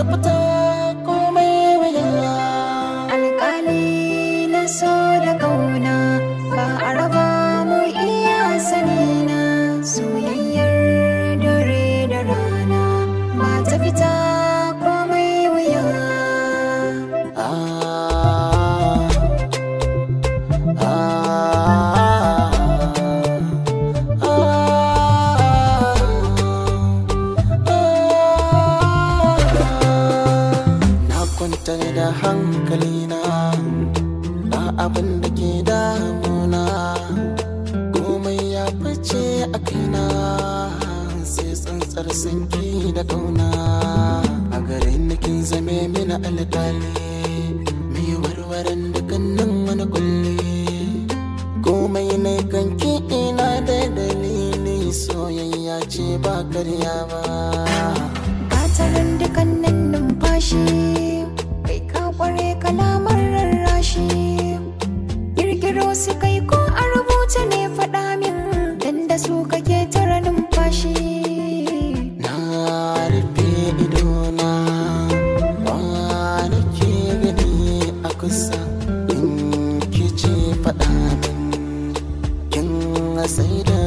up a hankalina na abin da ke damuna komai ya fice a kaina sai tsantsar sanki da kauna a garin da zame mini alƙali mai warwaran dukkanin wani kulle komai ne kanki ina da dalili soyayya ce ba karya ba ba ta numfashi ware kalamar rarrashi ƙirƙiro su kai ko a rubuta ne faɗa min dan da su kake tara numfashi na rufe ido idona kwanake gani a kusa in kice faɗa min kin sai da